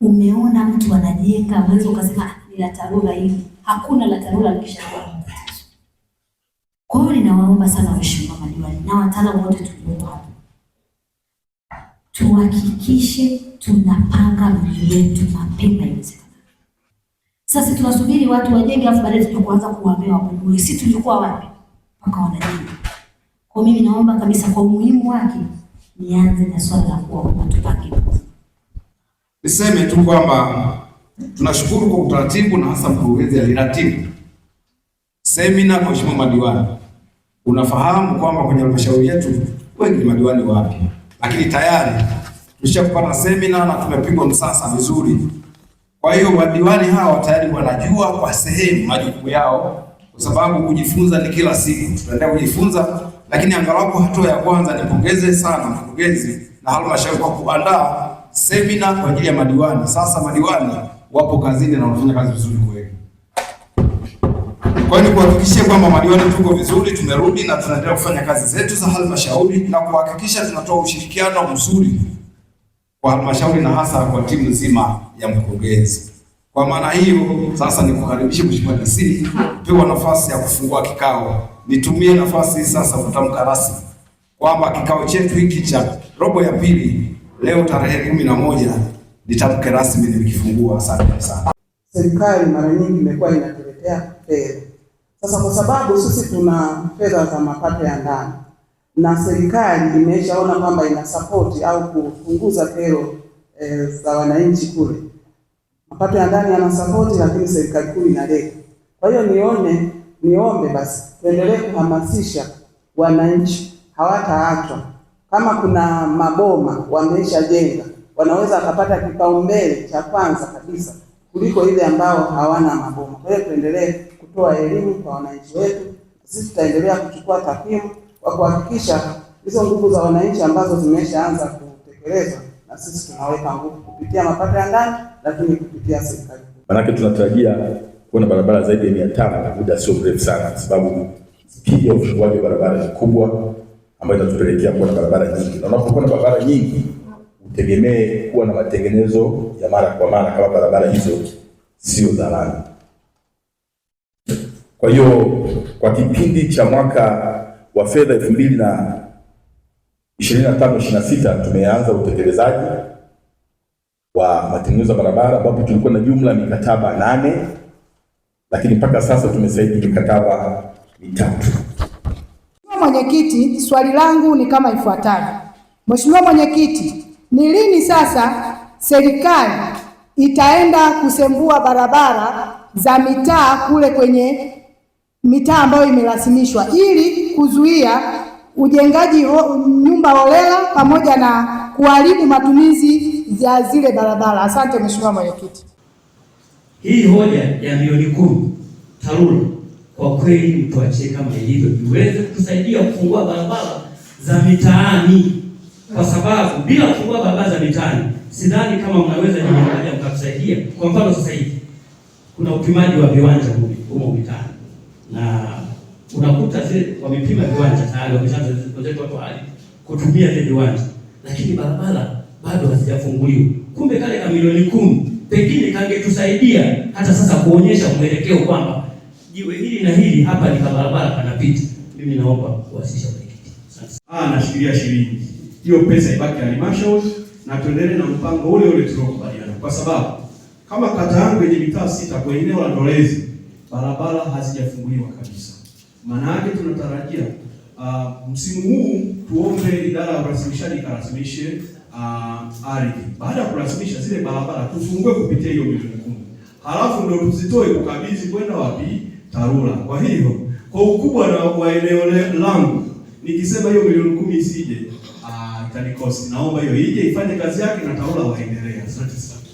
umeona mtu anajenga, unaweza ukasema ah, ni la TARURA hili. Hakuna la TARURA likishakuwa na matatizo. Kwa hiyo ninawaomba sana waheshimiwa madiwani na wataalamu wote tuliopo hapa, tuhakikishe tunapanga mji wetu mapema iwezekanavyo. Sasa tunasubiri watu wajenge, afu baadaye tunaanza kuwaambia wabomoe. Si tulikuwa wapi mpaka wanajenga? Kwa mimi naomba kabisa, kwa umuhimu wake, nianze na swala la kuwaomba tupange Niseme tu kwamba tunashukuru kwa utaratibu na hasa mkurugenzi aliratibu semina kwa mheshimiwa madiwani. Unafahamu kwamba kwenye halmashauri yetu wengi ni madiwani wapi, lakini tayari tulishakupata semina na tumepigwa msasa vizuri. Kwa hiyo madiwani hawa tayari wanajua kwa sehemu majukumu yao, kwa sababu kujifunza ni kila siku, tunaendelea kujifunza. Lakini angalau hatua ya kwanza, nipongeze sana mkurugenzi na halmashauri kwa kuandaa semina kwa ajili ya madiwani. Sasa madiwani wapo kazini na wanafanya kazi vizuri kweli. Kwa hiyo kuhakikishia kwamba madiwani tuko vizuri, tumerudi na tunaendelea kufanya kazi zetu za halmashauri na kuhakikisha tunatoa ushirikiano mzuri kwa halmashauri na hasa kwa timu nzima ya mkurugenzi. Kwa maana hiyo sasa nikukaribishe Mheshimiwa DC, pewa nafasi ya kufungua kikao. Nitumie nafasi hii sasa kutamka rasmi kwamba kikao chetu hiki cha robo ya pili leo tarehe kumi na moja nitamke rasmi nilikifungua. Asante sana. Serikali mara nyingi imekuwa inatuletea fedha. Sasa kwa sababu sisi tuna fedha za mapato ya ndani na serikali imeshaona kwamba ina support au kupunguza kero e, za wananchi kule, mapato ya ndani yana support, lakini serikali kuu inaleta. Kwa hiyo nione niombe basi tuendelee kuhamasisha wananchi, hawataachwa kama kuna maboma wameshajenga, wanaweza wakapata kipaumbele cha kwanza kabisa kuliko ile ambao hawana maboma. Kwa hiyo tuendelee kutoa elimu kwa wananchi wetu. Sisi tutaendelea kuchukua takwimu kwa kuhakikisha hizo nguvu za wananchi ambazo zimeshaanza kutekelezwa, na sisi tunaweka nguvu kupitia mapato ya ndani, lakini kupitia serikali. Maanake tunatarajia kuona barabara zaidi ya mia tano na muda sio mrefu sana, kwa sababu spidi ya ufunguaji wa barabara ni kubwa ambayo itatupelekea kuwa na barabara nyingi, na unapokuwa na barabara nyingi utegemee kuwa na matengenezo ya mara kwa mara kama barabara hizo sio za lami. Kwa hiyo kwa kipindi cha mwaka wa fedha elfu mbili na ishirini na tano ishirini na sita tumeanza utekelezaji wa matengenezo ya barabara ambapo tulikuwa na jumla ya mikataba nane, lakini mpaka sasa tumesaidi mikataba mitatu mwenyekiti, swali langu ni kama ifuatavyo. Mheshimiwa mwenyekiti, ni lini sasa serikali itaenda kusembua barabara za mitaa kule kwenye mitaa ambayo imerasimishwa ili kuzuia ujengaji ho, nyumba holela pamoja na kuharibu matumizi ya zile barabara? Asante Mheshimiwa mwenyekiti. Hii hoja ya milioni kumi TARURA kwa kweli mtuachie kama ilivyo, iweze kutusaidia kufungua barabara za mitaani, kwa sababu bila kufungua barabara za mitaani sidhani kama mnaweza jiangalia mkatusaidia. Kwa mfano sasa hivi kuna upimaji wa viwanja humo mitaani na unakuta zile wamepima viwanja tayari, wameshaanza watu hali kutumia zile viwanja, lakini barabara bado hazijafunguliwa. Kumbe kale ka milioni kumi pengine kangetusaidia hata sasa kuonyesha mwelekeo kwamba jiwe hili na hili hapa ni barabara panapita. Mimi naomba kuwasisha mwenyekiti. Ah, nashikilia shilingi hiyo, pesa ibaki halmashauri na tuendelee na mpango ule ule tuliokubaliana, kwa sababu kama kata yangu yenye mitaa sita kwa eneo la Ndolezi barabara hazijafunguliwa kabisa. Maana yake tunatarajia uh, msimu huu tuombe idara ya urasimishaji ikarasimishe uh, ah, ardhi. Baada ya kurasimisha zile barabara tufungue kupitia hiyo milioni kumi, halafu ndio tuzitoe kukabidhi kwenda wapi TARURA. Kwa hiyo kwa ukubwa na wa eneo langu nikisema hiyo milioni kumi isije ah, itanikosi, naomba hiyo ije ifanye kazi yake na TARURA waendelee. Asante sana.